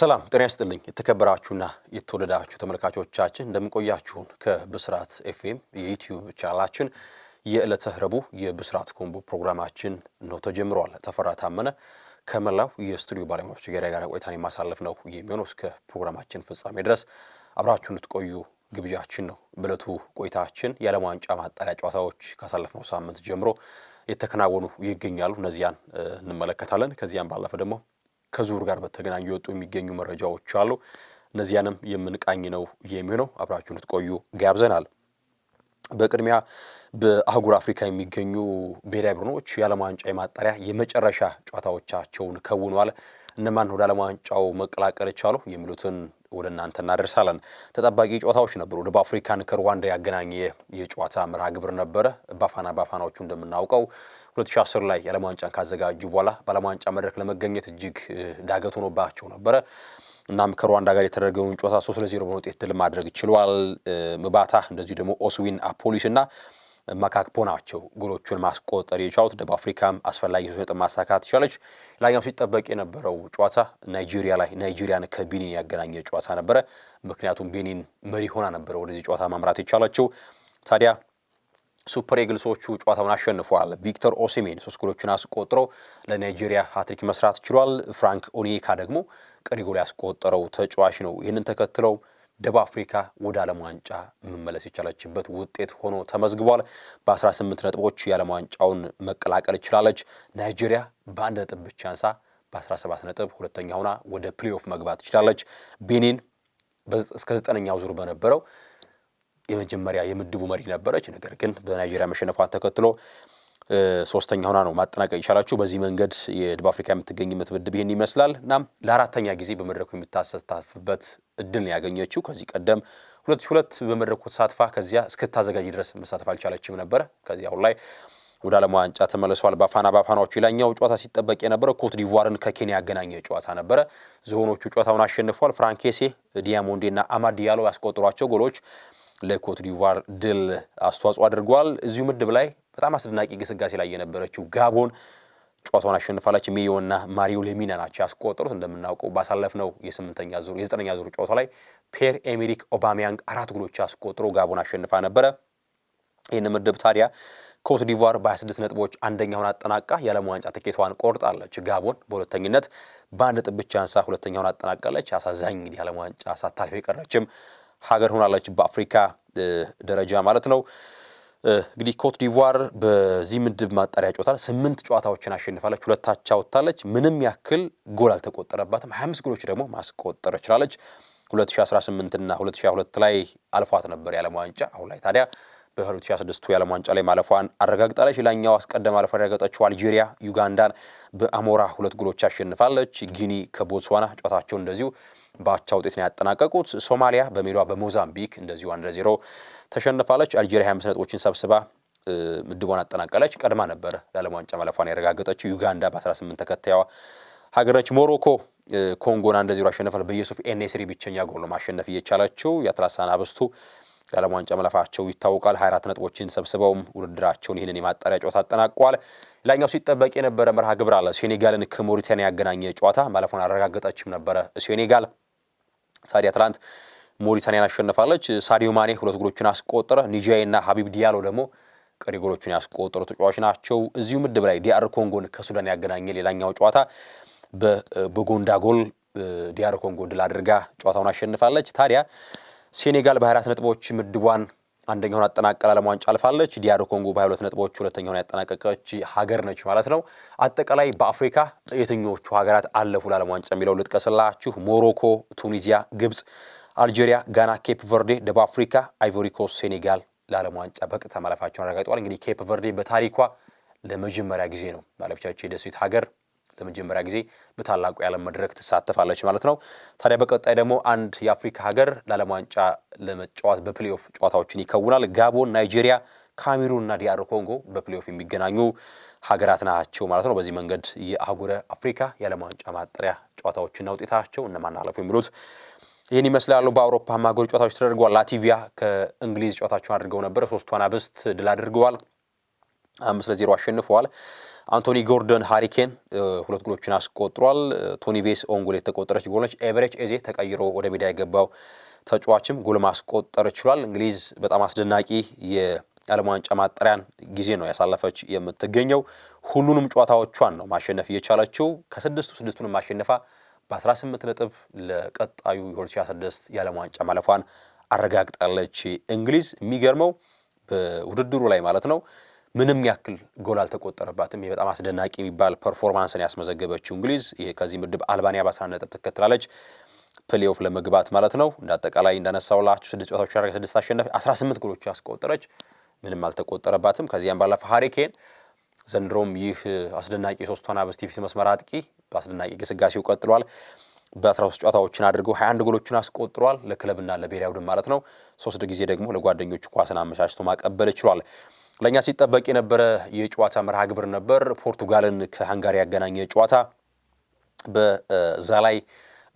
ሰላም ጤና ይስጥልኝ። የተከበራችሁና የተወደዳችሁ ተመልካቾቻችን እንደምንቆያችሁን ከብስራት ኤፍኤም የዩትዩብ ቻናላችን የዕለተ ረቡዕ የብስራት ኮምቦ ፕሮግራማችን ነው ተጀምሯል። ተፈራ ታመነ ከመላው የስቱዲዮ ባለሙያዎች ጋር ጋር ቆይታን የማሳለፍ ነው የሚሆነው። እስከ ፕሮግራማችን ፍጻሜ ድረስ አብራችሁ እንድትቆዩ ግብዣችን ነው። በዕለቱ ቆይታችን የዓለም ዋንጫ ማጣሪያ ጨዋታዎች ካሳለፍነው ሳምንት ጀምሮ የተከናወኑ ይገኛሉ። እነዚያን እንመለከታለን። ከዚያም ባለፈ ደግሞ ከዙር ጋር በተገናኙ የወጡ የሚገኙ መረጃዎች አሉ። እነዚያንም የምንቃኝ ነው የሚሆነው። አብራችሁን ትቆዩ ጋብዘናል። በቅድሚያ በአህጉር አፍሪካ የሚገኙ ብሔራዊ ቡድኖች የዓለም ዋንጫ የማጣሪያ የመጨረሻ ጨዋታዎቻቸውን ከውነዋል። እነማን ወደ ዓለም ዋንጫው መቀላቀል የቻሉ የሚሉትን ወደ እናንተ እናደርሳለን። ተጠባቂ ጨዋታዎች ነበሩ። ደቡብ አፍሪካን ከሩዋንዳ ያገናኘ የጨዋታ መርሃ ግብር ነበረ። ባፋና ባፋናዎቹ እንደምናውቀው 2010 ላይ የዓለም ዋንጫን ካዘጋጁ በኋላ በዓለም ዋንጫ መድረክ ለመገኘት እጅግ ዳገት ሆኖባቸው ነበረ። እናም ከሩዋንዳ ጋር የተደረገውን ጨዋታ 3 ለ0 በሆነ ውጤት ድል ማድረግ ችሏል። ምባታ እንደዚሁ ደግሞ ኦስዊን አፖሊስ እና መካክፖ ናቸው ጎሎቹን ማስቆጠር የቻሉት። ደቡብ አፍሪካም አስፈላጊ ሶስት ነጥብ ማሳካት ትችላለች። ላኛው ሲጠበቅ የነበረው ጨዋታ ናይጄሪያ ላይ ናይጄሪያን ከቤኒን ያገናኘ ጨዋታ ነበረ። ምክንያቱም ቤኒን መሪ ሆና ነበረ ወደዚህ ጨዋታ ማምራት የቻላቸው። ታዲያ ሱፐር ኤግልሶቹ ጨዋታውን አሸንፈዋል። ቪክተር ኦሲሜን ሶስት ጎሎቹን አስቆጥረው ለናይጄሪያ ሀትሪክ መስራት ችሏል። ፍራንክ ኦኒካ ደግሞ ቀሪ ጎል ያስቆጠረው ተጫዋች ነው። ይህንን ተከትለው ደቡብ አፍሪካ ወደ ዓለም ዋንጫ መመለስ የቻለችበት ውጤት ሆኖ ተመዝግቧል። በ18 ነጥቦች የዓለም ዋንጫውን መቀላቀል ችላለች። ናይጄሪያ በአንድ ነጥብ ብቻ አንሳ በ17 ነጥብ ሁለተኛ ሆና ወደ ፕሌኦፍ መግባት ችላለች። ቤኒን እስከ ዘጠነኛው ዙር በነበረው የመጀመሪያ የምድቡ መሪ ነበረች። ነገር ግን በናይጄሪያ መሸነፏን ተከትሎ ሶስተኛ ሆና ነው ማጠናቀቅ የቻላችሁ። በዚህ መንገድ የደቡብ አፍሪካ የምትገኝበት ምድብ ይህን ይመስላል። እናም ለአራተኛ ጊዜ በመድረኩ የምታሳተፍበት እድል ያገኘችው። ከዚህ ቀደም ሁለት ሺህ ሁለት በመድረኩ ተሳትፋ ከዚያ እስክታዘጋጅ ድረስ መሳተፍ አልቻለችም ነበረ። ከዚያ አሁን ላይ ወደ ዓለም ዋንጫ ተመልሷል። ባፋና ባፋናዎቹ ሌላኛው ጨዋታ ሲጠበቅ የነበረ ኮት ዲቯርን ከኬንያ ያገናኘ ጨዋታ ነበረ። ዝሆኖቹ ጨዋታውን አሸንፏል። ፍራንኬሴ ዲያሞንዴ ና አማዲያሎ ዲያሎ ያስቆጠሯቸው ጎሎች ለኮት ዲቯር ድል አስተዋጽኦ አድርገዋል። እዚሁ ምድብ ላይ በጣም አስደናቂ ግስጋሴ ላይ የነበረችው ጋቦን ጨዋታውን አሸንፋለች። ሜዮና ማሪዮ ሌሚና ናቸው ያስቆጠሩት። እንደምናውቀው ባሳለፍነው የስምንተኛ ዙር የዘጠነኛ ዙር ጨዋታ ላይ ፔር ኤሜሪክ ኦባሚያንግ አራት ጉሎች አስቆጥሮ ጋቦን አሸንፋ ነበረ። ይህን ምድብ ታዲያ ኮት ዲቯር በ26 ነጥቦች አንደኛውን አጠናቃ የዓለም ዋንጫ ትኬቷን ቆርጣለች። ጋቦን በሁለተኝነት በአንድ ነጥብ ብቻ አንሳ ሁለተኛውን አጠናቃለች። አሳዛኝ እንግዲህ የዓለም ዋንጫ ሳታልፍ የቀረችም ሀገር ሆናለች፣ በአፍሪካ ደረጃ ማለት ነው። እንግዲህ ኮት ዲቯር በዚህ ምድብ ማጣሪያ ጨዋታ ስምንት ጨዋታዎችን አሸንፋለች፣ ሁለት አቻ ወጥታለች። ምንም ያክል ጎል አልተቆጠረባትም። 25 ጎሎች ደግሞ ማስቆጠር ችላለች። 2018 እና 2022 ላይ አልፏት ነበር የዓለም ዋንጫ። አሁን ላይ ታዲያ በ2026 የዓለም ዋንጫ ላይ ማለፏን አረጋግጣለች። ሌላኛው አስቀድማ ማለፏን ያረጋገጠችው አልጄሪያ ዩጋንዳን በአሞራ ሁለት ጎሎች አሸንፋለች። ጊኒ ከቦትስዋና ጨዋታቸውን እንደዚሁ በአቻ ውጤት ነው ያጠናቀቁት። ሶማሊያ በሜዳዋ በሞዛምቢክ እንደዚሁ አንድ ለዜሮ ተሸንፋለች። አልጄሪያ 25 ነጥቦችን ሰብስባ ምድቧን አጠናቀለች። ቀድማ ነበረ ለዓለም ዋንጫ ማለፏን ያረጋገጠችው ዩጋንዳ በ18 ተከታይዋ ሀገር ነች። ሞሮኮ ኮንጎን አንድ ዜሮ አሸንፋል። በየሱፍ ኤንኤስሪ ብቸኛ ጎል ነው ማሸነፍ እየቻለችው የአትላሳን አብስቱ ለዓለም ዋንጫ መለፋቸው ይታወቃል። 24 ነጥቦችን ሰብስበውም ውድድራቸውን ይህንን የማጣሪያ ጨዋታ አጠናቋል። ሌላኛው ሲጠበቅ የነበረ መርሃ ግብር አለ። ሴኔጋልን ከሞሪታኒያ ያገናኘ ጨዋታ ማለፏን አረጋገጠችም ነበረ ሴኔጋል። ታዲያ ትላንት ሞሪታኒያን አሸንፋለች። ሳዲዮ ማኔ ሁለት ጎሎችን አስቆጠረ። ና ሀቢብ ዲያሎ ደግሞ ቀሪ ጎሎችን ያስቆጠሩ ተጫዋች ናቸው። እዚሁ ምድብ ላይ ዲአር ኮንጎን ከሱዳን ያገናኘ ሌላኛው ጨዋታ በጎንዳ ጎል ዲአር ኮንጎ ድል አድርጋ ጨዋታውን አሸንፋለች። ታዲያ ሴኔጋል በ24 ነጥቦች ምድቧን አንደኛውን አጠናቀል ዓለም ዋንጫ አልፋለች። ዲያር ኮንጎ በ22 ነጥቦች ሁለተኛውን ያጠናቀቀች ሀገር ነች ማለት ነው። አጠቃላይ በአፍሪካ የትኞቹ ሀገራት አለፉ ለዓለም ዋንጫ የሚለው ልጥቀስላችሁ። ሞሮኮ፣ ቱኒዚያ፣ ግብጽ አልጄሪያ፣ ጋና፣ ኬፕ ቨርዴ፣ ደቡብ አፍሪካ፣ አይቮሪኮስ፣ ሴኔጋል ለዓለም ዋንጫ በቀጥታ ማለፋቸውን አረጋግጠዋል። እንግዲህ ኬፕ ቨርዴ በታሪኳ ለመጀመሪያ ጊዜ ነው ማለፍቻቸው የደሴት ሀገር ለመጀመሪያ ጊዜ በታላቁ የዓለም መድረክ ትሳተፋለች ማለት ነው። ታዲያ በቀጣይ ደግሞ አንድ የአፍሪካ ሀገር ለዓለም ዋንጫ ለመጫወት በፕሌኦፍ ጨዋታዎችን ይከውናል። ጋቦን፣ ናይጄሪያ፣ ካሜሩን እና ዲአር ኮንጎ በፕሌኦፍ የሚገናኙ ሀገራት ናቸው ማለት ነው። በዚህ መንገድ የአህጉረ አፍሪካ የዓለም ዋንጫ ማጣሪያ ጨዋታዎችና ውጤታቸው እነማን አለፉ የሚሉት ይህን ይመስላሉ። በአውሮፓ ሀገሮች ጨዋታዎች ተደርገዋል። ላቲቪያ ከእንግሊዝ ጨዋታቸውን አድርገው ነበር። ሶስቷን አብስት ድል አድርገዋል። አምስት ለዜሮ አሸንፈዋል። አንቶኒ ጎርደን ሃሪኬን ሁለት ጎሎችን አስቆጥሯል። ቶኒ ቬስ ኦንጎል የተቆጠረች ጎሎች ኤቨሬጅ ኤዜ ተቀይሮ ወደ ሜዳ የገባው ተጫዋችም ጎል ማስቆጠር ችሏል። እንግሊዝ በጣም አስደናቂ የዓለም ዋንጫ ማጣሪያን ጊዜ ነው ያሳለፈች የምትገኘው። ሁሉንም ጨዋታዎቿን ነው ማሸነፍ እየቻለችው ከስድስቱ ስድስቱንም ማሸነፋ በ18 ነጥብ ለቀጣዩ የ2016 የዓለም ዋንጫ ማለፏን አረጋግጣለች። እንግሊዝ የሚገርመው በውድድሩ ላይ ማለት ነው ምንም ያክል ጎል አልተቆጠረባትም። ይህ በጣም አስደናቂ የሚባል ፐርፎርማንስን ያስመዘገበችው እንግሊዝ ከዚህ ምድብ አልባንያ በ11 ነጥብ ትከትላለች ፕሌኦፍ ለመግባት ማለት ነው። እንደ አጠቃላይ እንዳነሳውላችሁ ስድስት ጨዋታዎች ያደረገ ስድስት አሸናፊ 18 ጎሎች ያስቆጠረች ምንም አልተቆጠረባትም። ከዚያም ባለፈ ሃሪኬን ዘንድሮም ይህ አስደናቂ የሶስቱን አብስት የፊት መስመር አጥቂ በአስደናቂ ግስጋሴው ቀጥሏል። በ13 ጨዋታዎችን አድርጎ 21 ጎሎችን አስቆጥሯል። ለክለብና ለብሔራዊ ቡድን ማለት ነው። ሶስት ጊዜ ደግሞ ለጓደኞቹ ኳስን አመቻችቶ ማቀበል ችሏል። ለእኛ ሲጠበቅ የነበረ የጨዋታ መርሃ ግብር ነበር። ፖርቱጋልን ከሃንጋሪ ያገናኘ ጨዋታ በዛላይ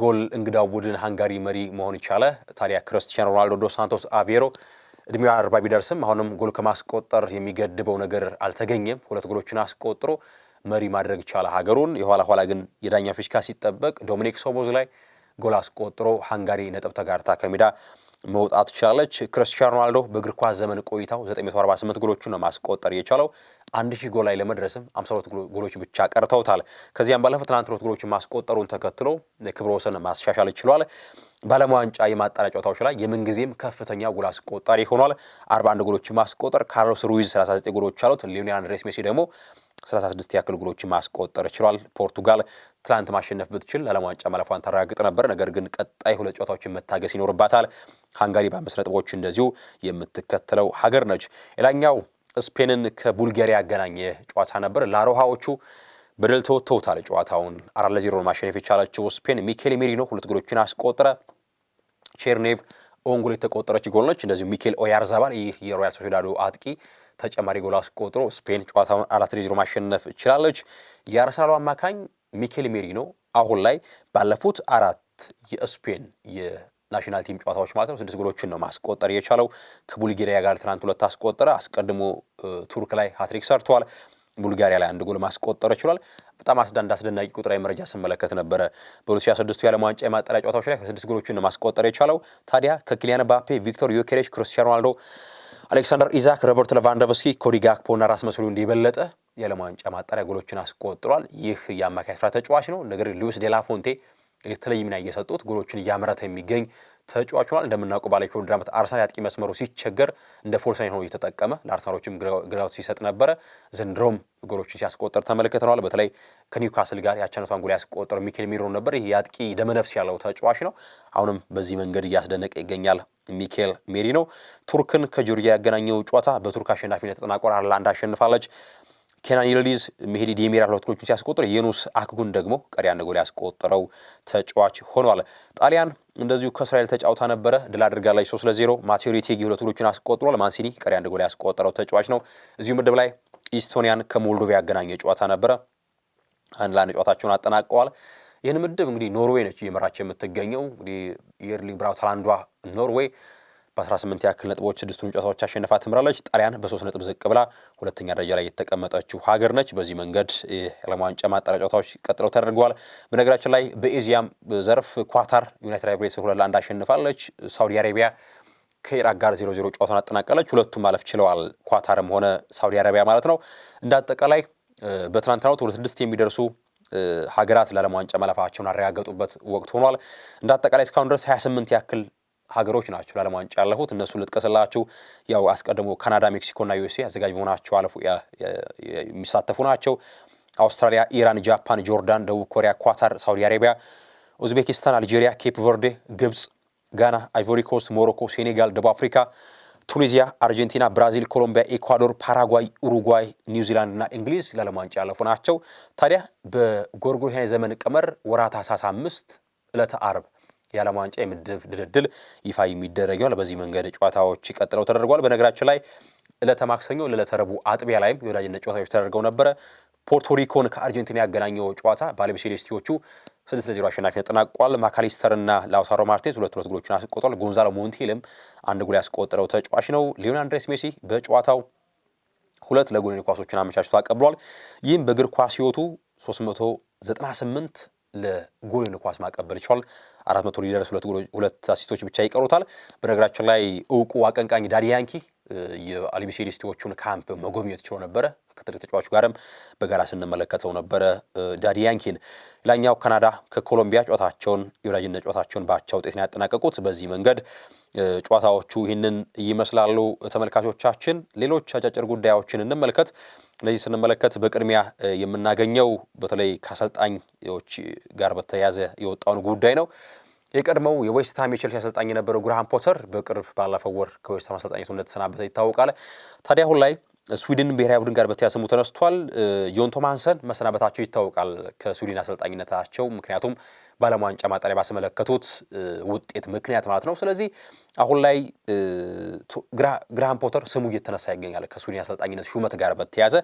ጎል እንግዳው ቡድን ሃንጋሪ መሪ መሆን ይቻለ። ታዲያ ክርስቲያኖ ሮናልዶ ዶስ ሳንቶስ አቬሮ እድሜው አርባ ቢደርስም አሁንም ጎል ከማስቆጠር የሚገድበው ነገር አልተገኘም። ሁለት ጎሎችን አስቆጥሮ መሪ ማድረግ ቻለ ሀገሩን። የኋላ ኋላ ግን የዳኛ ፊሽካ ሲጠበቅ ዶሚኒክ ሶቦዝ ላይ ጎል አስቆጥሮ ሃንጋሪ ነጥብ ተጋርታ ከሜዳ መውጣት ቻለች። ክርስቲያኖ ሮናልዶ በእግር ኳስ ዘመን ቆይታው 948 ጎሎቹን ነው ማስቆጠር የቻለው። አንድ ሺህ ጎል ላይ ለመድረስም 52 ጎሎች ብቻ ቀርተውታል። ከዚያም ባለፈ ትናንት ሁለት ጎሎችን ማስቆጠሩን ተከትሎ ክብረ ወሰን ማስሻሻል ችሏል። በዓለም ዋንጫ የማጣሪያ ጨዋታዎች ላይ የምንጊዜም ከፍተኛ ጎል አስቆጣሪ ሆኗል። 41 ጎሎች ማስቆጠር ካርሎስ ሩይዝ 39 ጎሎች አሉት። ሊዮኔል አንድሬስ ሜሲ ደግሞ 36 ያክል ጎሎችን ማስቆጠር ችሏል። ፖርቱጋል ትላንት ማሸነፍ ብትችል ለዓለም ዋንጫ ማለፏን ታረጋግጥ ነበር። ነገር ግን ቀጣይ ሁለት ጨዋታዎችን መታገስ ይኖርባታል። ሃንጋሪ በአምስት ነጥቦች እንደዚሁ የምትከተለው ሀገር ነች። ሌላኛው ስፔንን ከቡልጋሪያ ያገናኘ ጨዋታ ነበር። ላሮሃዎቹ በድል ተወጥተውታል ጨዋታውን አራት ለዜሮ ማሸነፍ የቻለችው ስፔን ሚኬል ሜሪኖ ሁለት ጎሎችን አስቆጠረ። ቼርኔቭ ኦንጎል የተቆጠረች ጎል ነች። እንደዚሁ ሚኬል ኦያርዛባል ይህ የሮያል ሶሲዳዶ አጥቂ ተጨማሪ ጎል አስቆጥሮ ስፔን ጨዋታውን አራት ለዜሮ ማሸነፍ ችላለች። የአርሰናሉ አማካኝ ሚኬል ሜሪኖ አሁን ላይ ባለፉት አራት የስፔን የናሽናል ቲም ጨዋታዎች ማለት ነው ስድስት ጎሎችን ነው ማስቆጠር የቻለው። ከቡልጋሪያ ጋር ትናንት ሁለት አስቆጠረ። አስቀድሞ ቱርክ ላይ ሀትሪክ ሰርተዋል። ቡልጋሪያ ላይ አንድ ጎል ማስቆጠር ችሏል። በጣም አስዳንድ አስደናቂ ቁጥራዊ መረጃ ስመለከት ነበረ። በ2026 የዓለም ዋንጫ የማጣሪያ ጨዋታዎች ላይ ከስድስት ጎሎችን ማስቆጠር የቻለው ታዲያ ከኪሊያን ባፔ፣ ቪክቶር ዮኬሬች፣ ክርስቲያኖ ሮናልዶ አሌክሳንደር ኢዛክ፣ ሮበርት ሌቫንዶቭስኪ፣ ኮዲ ጋክፖና ራስ መስሉ እንዲበለጠ የዓለም ዋንጫ ማጣሪያ ጎሎችን አስቆጥሯል። ይህ የአማካይ ስፍራ ተጫዋች ነው። ነገር ሉዊስ ዴላፎንቴ የተለየ ሚና እየሰጡት ጎሎችን እያመረተ የሚገኝ ተጫዋቹ ማለት እንደምናውቀው ባለፈው የውድድር ዓመት አርሰናል ያጥቂ መስመሩ ሲቸገር እንደ ፎርሳይን ሆኖ እየተጠቀመ ለአርሰናሎችም ግራውት ሲሰጥ ነበረ። ዘንድሮም ጎሎችን ሲያስቆጠር ተመልክተነዋል። በተለይ ከኒውካስል ጋር ያቻነቷን ጎል ያስቆጠረው ሚኬል ሚሮን ነበር። ይህ የአጥቂ ደመነፍስ ያለው ተጫዋች ነው። አሁንም በዚህ መንገድ እያስደነቀ ይገኛል ሚኬል ሜሪኖ። ቱርክን ከጆርጂያ ያገናኘው ጨዋታ በቱርክ አሸናፊነት ተጠናቋል። አርላንድ አሸንፋለች። ኬናን ይልዲዝ መሄዲ ዴሜራ ሁለት ጎሎችን ሲያስቆጥር የኑስ አክጉን ደግሞ ቀሪ አንድ ጎል ያስቆጠረው ተጫዋች ሆኗል። ጣሊያን እንደዚሁ ከእስራኤል ተጫውታ ነበረ፣ ድል አድርጋለች ሶስት ለዜሮ ማቴዎ ሬቴጊ ሁለት ጎሎችን አስቆጥሯል። ማንሲኒ ቀሪ አንድ ጎል ያስቆጠረው ተጫዋች ነው። እዚሁ ምድብ ላይ ኢስቶኒያን ከሞልዶቪያ ያገናኘ ጨዋታ ነበረ፣ አንድ ለአንድ ጨዋታቸውን አጠናቀዋል። ይህን ምድብ እንግዲህ ኖርዌይ ነች እየመራች የምትገኘው እንግዲህ የኤርሊንግ ብራውት ሃላንዷ ኖርዌይ በ18 ያክል ነጥቦች ስድስቱን ጨዋታዎች አሸንፋ ትምራለች። ጣሊያን በሶስት ነጥብ ዝቅ ብላ ሁለተኛ ደረጃ ላይ የተቀመጠችው ሀገር ነች። በዚህ መንገድ የዓለም ዋንጫ ማጣሪያ ጨዋታዎች ቀጥለው ተደርገዋል። በነገራችን ላይ በኤዚያም ዘርፍ ኳታር ዩናይትድ አረብ ኤሚሬትስን ሁለት ለአንድ አሸንፋለች። ሳውዲ አረቢያ ከኢራቅ ጋር ዜሮ ዜሮ ጨዋታን አጠናቀለች። ሁለቱም ማለፍ ችለዋል፣ ኳታርም ሆነ ሳውዲ አረቢያ ማለት ነው። እንደ አጠቃላይ በትናንትናው ወደ ስድስት የሚደርሱ ሀገራት ለዓለም ዋንጫ ማለፋቸውን አረጋገጡበት ወቅት ሆኗል። እንደ አጠቃላይ እስካሁን ድረስ 28 ያክል ሀገሮች ናቸው ለዓለም ዋንጫ ያለፉት። እነሱን ልጥቀስላችሁ። ያው አስቀድሞ ካናዳ፣ ሜክሲኮና ዩኤስኤ አዘጋጅ መሆናቸው አለፉ የሚሳተፉ ናቸው። አውስትራሊያ፣ ኢራን፣ ጃፓን፣ ጆርዳን፣ ደቡብ ኮሪያ፣ ኳታር፣ ሳውዲ አረቢያ፣ ኡዝቤኪስታን፣ አልጄሪያ፣ ኬፕ ቨርዴ፣ ግብፅ፣ ጋና፣ አይቮሪኮስት፣ ሞሮኮ፣ ሴኔጋል፣ ደቡብ አፍሪካ፣ ቱኒዚያ፣ አርጀንቲና፣ ብራዚል፣ ኮሎምቢያ፣ ኤኳዶር፣ ፓራጓይ፣ ኡሩጓይ፣ ኒውዚላንድ እና እንግሊዝ ለዓለም ዋንጫ ያለፉ ናቸው። ታዲያ በጎርጎሮሳውያን ዘመን ቀመር ወራት ታኅሳስ አምስት ዕለተ አርብ የዓለም ዋንጫ የምድብ ድልድል ይፋ የሚደረግ ይሆናል። በዚህ መንገድ ጨዋታዎች ቀጥለው ተደርጓል። በነገራችን ላይ ዕለተ ማክሰኞ ለዕለተ ረቡዕ አጥቢያ ላይም የወዳጅነት ጨዋታዎች ተደርገው ነበረ። ፖርቶሪኮን ከአርጀንቲና ያገናኘው ጨዋታ ባለቢሴሌስቲዎቹ ስድስት ለዜሮ አሸናፊ ተጠናቋል። ማካሊስተር ማካሊስተርና ላውታሮ ማርቴዝ ሁለት ሁለት ጎሎችን አስቆጥሯል። ጎንዛሎ ሞንቴልም አንድ ጎል ያስቆጠረው ተጫዋች ነው። ሊዮን አንድሬስ ሜሲ በጨዋታው ሁለት ለጎኔን ኳሶችን አመቻችቶ አቀብሏል። ይህም በእግር ኳስ ህይወቱ 398 ለጎኔን ኳስ ማቀበል ይችሏል። አራት መቶ ሊደርስ ሁለት አሲስቶች ብቻ ይቀሩታል። በነገራችን ላይ እውቁ አቀንቃኝ ዳዲ ያንኪ የአልቢሴሪስቲዎቹን ካምፕ መጎብኘት ችሎ ነበረ። ከትልቅ ተጫዋቹ ጋርም በጋራ ስንመለከተው ነበረ ዳዲ ያንኪን። ሌላኛው ካናዳ ከኮሎምቢያ ጨዋታቸውን የወዳጅነት ጨዋታቸውን በአቻ ውጤት ነው ያጠናቀቁት። በዚህ መንገድ ጨዋታዎቹ ይህንን ይመስላሉ። ተመልካቾቻችን ሌሎች አጫጭር ጉዳዮችን እንመልከት። እነዚህ ስንመለከት በቅድሚያ የምናገኘው በተለይ ከአሰልጣኞች ጋር በተያያዘ የወጣውን ጉዳይ ነው። የቀድሞው የዌስትሃም የቼልሲ አሰልጣኝ የነበረው ግራሃም ፖተር በቅርብ ባለፈው ወር ከዌስትሃም አሰልጣኝነት እንደተሰናበተ ይታወቃል። ታዲያ አሁን ላይ ስዊድን ብሔራዊ ቡድን ጋር በተያያዘ ስሙ ተነስቷል። ጆን ቶማንሰን መሰናበታቸው ይታወቃል ከስዊድን አሰልጣኝነታቸው ምክንያቱም በዓለም ዋንጫ ማጣሪያ ባስመለከቱት ውጤት ምክንያት ማለት ነው። ስለዚህ አሁን ላይ ግራሃም ፖተር ስሙ እየተነሳ ይገኛል ከስዊድን አሰልጣኝነት ሹመት ጋር በተያዘ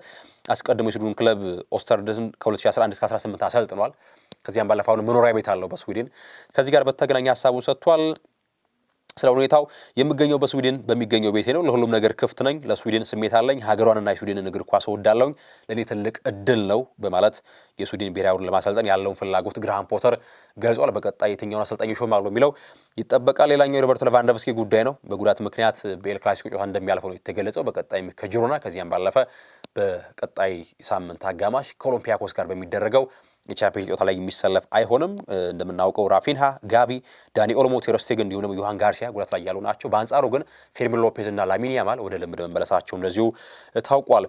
አስቀድሞ የስዊድን ክለብ ኦስተርደን ከ2011 እስከ 18 አሰልጥኗል። ከዚያም ባለፈ አሁን መኖሪያ ቤት አለው በስዊድን። ከዚህ ጋር በተገናኘ ሀሳቡን ሰጥቷል። ስለ ሁኔታው የምገኘው በስዊድን በሚገኘው ቤቴ ነው። ለሁሉም ነገር ክፍት ነኝ። ለስዊድን ስሜት አለኝ። ሀገሯንና የስዊድንን እግር ኳስ እወዳለሁኝ። ለእኔ ትልቅ እድል ነው በማለት የስዊድን ብሔራዊ ቡድን ለማሰልጠን ያለውን ፍላጎት ግርሃም ፖተር ገልጿል። በቀጣይ የትኛውን አሰልጣኝ ይሾማሉ የሚለው ይጠበቃል። ሌላኛው ሮበርት ሌቫንዶቭስኪ ጉዳይ ነው። በጉዳት ምክንያት በኤል ክላሲኮ ጨዋታ እንደሚያልፈው ነው የተገለጸው። በቀጣይም ከጂሮና ከዚያም ባለፈ በቀጣይ ሳምንት አጋማሽ ከኦሎምፒያኮስ ጋር በሚደረገው የቻምፒዮን ጨዋታ ላይ የሚሰለፍ አይሆንም። እንደምናውቀው ራፊንሃ፣ ጋቪ፣ ዳኒ ኦልሞ፣ ቴሮስቴግ እንዲሁም ደግሞ ዮሃን ጋርሲያ ጉዳት ላይ ያሉ ናቸው። በአንጻሩ ግን ፌርሚን ሎፔዝ እና ላሚን ያማል ወደ ልምድ መመለሳቸው እንደዚሁ ታውቋል።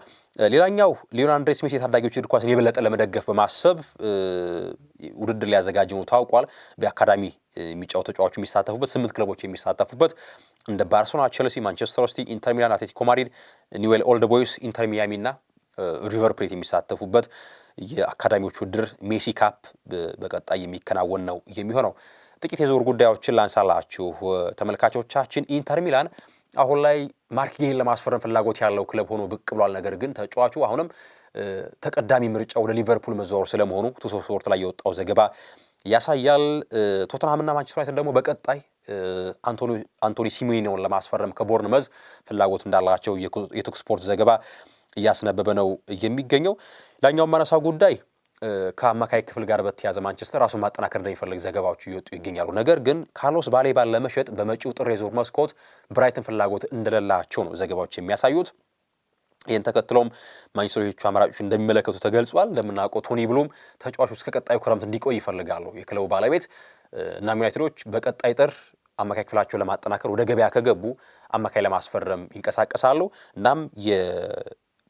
ሌላኛው ሊዮን አንድሬ ስሚት የታዳጊዎች እግር ኳስን የበለጠ ለመደገፍ በማሰብ ውድድር ሊያዘጋጅ ነው ታውቋል። በአካዳሚ የሚጫወቱ ተጫዋቹ የሚሳተፉበት ስምንት ክለቦች የሚሳተፉበት እንደ ባርሴሎና፣ ቼልሲ፣ ማንቸስተር ሲቲ፣ ኢንተር ሚላን፣ አትሌቲኮ ማድሪድ፣ ኒውዌል ኦልድ ቦይስ፣ ኢንተር ሚያሚ እና ሪቨር ፕሌት የሚሳተፉበት የአካዳሚዎች ውድድር ሜሲ ካፕ በቀጣይ የሚከናወን ነው የሚሆነው። ጥቂት የዞር ጉዳዮችን ላንሳላችሁ ተመልካቾቻችን። ኢንተር ሚላን አሁን ላይ ማርኪጌን ለማስፈረም ፍላጎት ያለው ክለብ ሆኖ ብቅ ብሏል። ነገር ግን ተጫዋቹ አሁንም ተቀዳሚ ምርጫ ወደ ሊቨርፑል መዛወር ስለመሆኑ ቱሶ ስፖርት ላይ የወጣው ዘገባ ያሳያል። ቶተንሃምና ማንቸስተር ዩናይትድ ደግሞ በቀጣይ አንቶኒ ሲሜኒውን ለማስፈረም ከቦርን መዝ ፍላጎት እንዳላቸው የቱክ ስፖርት ዘገባ እያስነበበ ነው የሚገኘው። ላኛው ማነሳው ጉዳይ ከአማካይ ክፍል ጋር በተያዘ ማንቸስተር ራሱን ማጠናከር እንደሚፈልግ ዘገባዎች እየወጡ ይገኛሉ። ነገር ግን ካርሎስ ባሌባን ለመሸጥ በመጪው ጥር የዞር መስኮት ብራይትን ፍላጎት እንደሌላቸው ነው ዘገባዎች የሚያሳዩት። ይህን ተከትሎም ማንቸስተሮቹ አማራጮች እንደሚመለከቱ ተገልጿል። እንደምናውቀው ቶኒ ብሉም ተጫዋቹ እስከ ቀጣዩ ክረምት እንዲቆይ ይፈልጋሉ የክለቡ ባለቤት እና ዩናይትዶች በቀጣይ ጥር አማካይ ክፍላቸውን ለማጠናከር ወደ ገበያ ከገቡ አማካይ ለማስፈረም ይንቀሳቀሳሉ እናም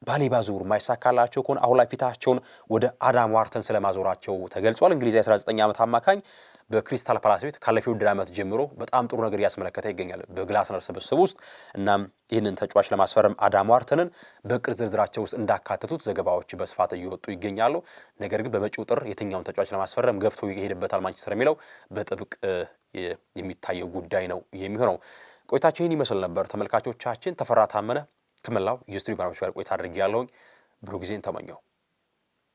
ባሌባ ዙር የማይሳካላቸው ከሆነ አሁን ላይ ፊታቸውን ወደ አዳም ዋርተን ስለማዞራቸው ተገልጿል። እንግሊዝ 19 ዓመት አማካኝ በክሪስታል ፓላስ ቤት ካለፈው ውድድር ዓመት ጀምሮ በጣም ጥሩ ነገር እያስመለከተ ይገኛል በግላስነር ስብስብ ውስጥ። እናም ይህንን ተጫዋች ለማስፈረም አዳም ዋርተንን በቅር ዝርዝራቸው ውስጥ እንዳካተቱት ዘገባዎች በስፋት እየወጡ ይገኛሉ። ነገር ግን በመጪው ጥር የትኛውን ተጫዋች ለማስፈረም ገፍቶ ይሄድበታል ማንቸስተር የሚለው በጥብቅ የሚታየው ጉዳይ ነው የሚሆነው። ቆይታችን ይህን ይመስል ነበር። ተመልካቾቻችን ተፈራ ታመነ ከመላው የስቱዲዮ ባለሙያዎች ጋር ቆይታ አድርጌ ያለውኝ ብሩህ ጊዜን ተመኘው።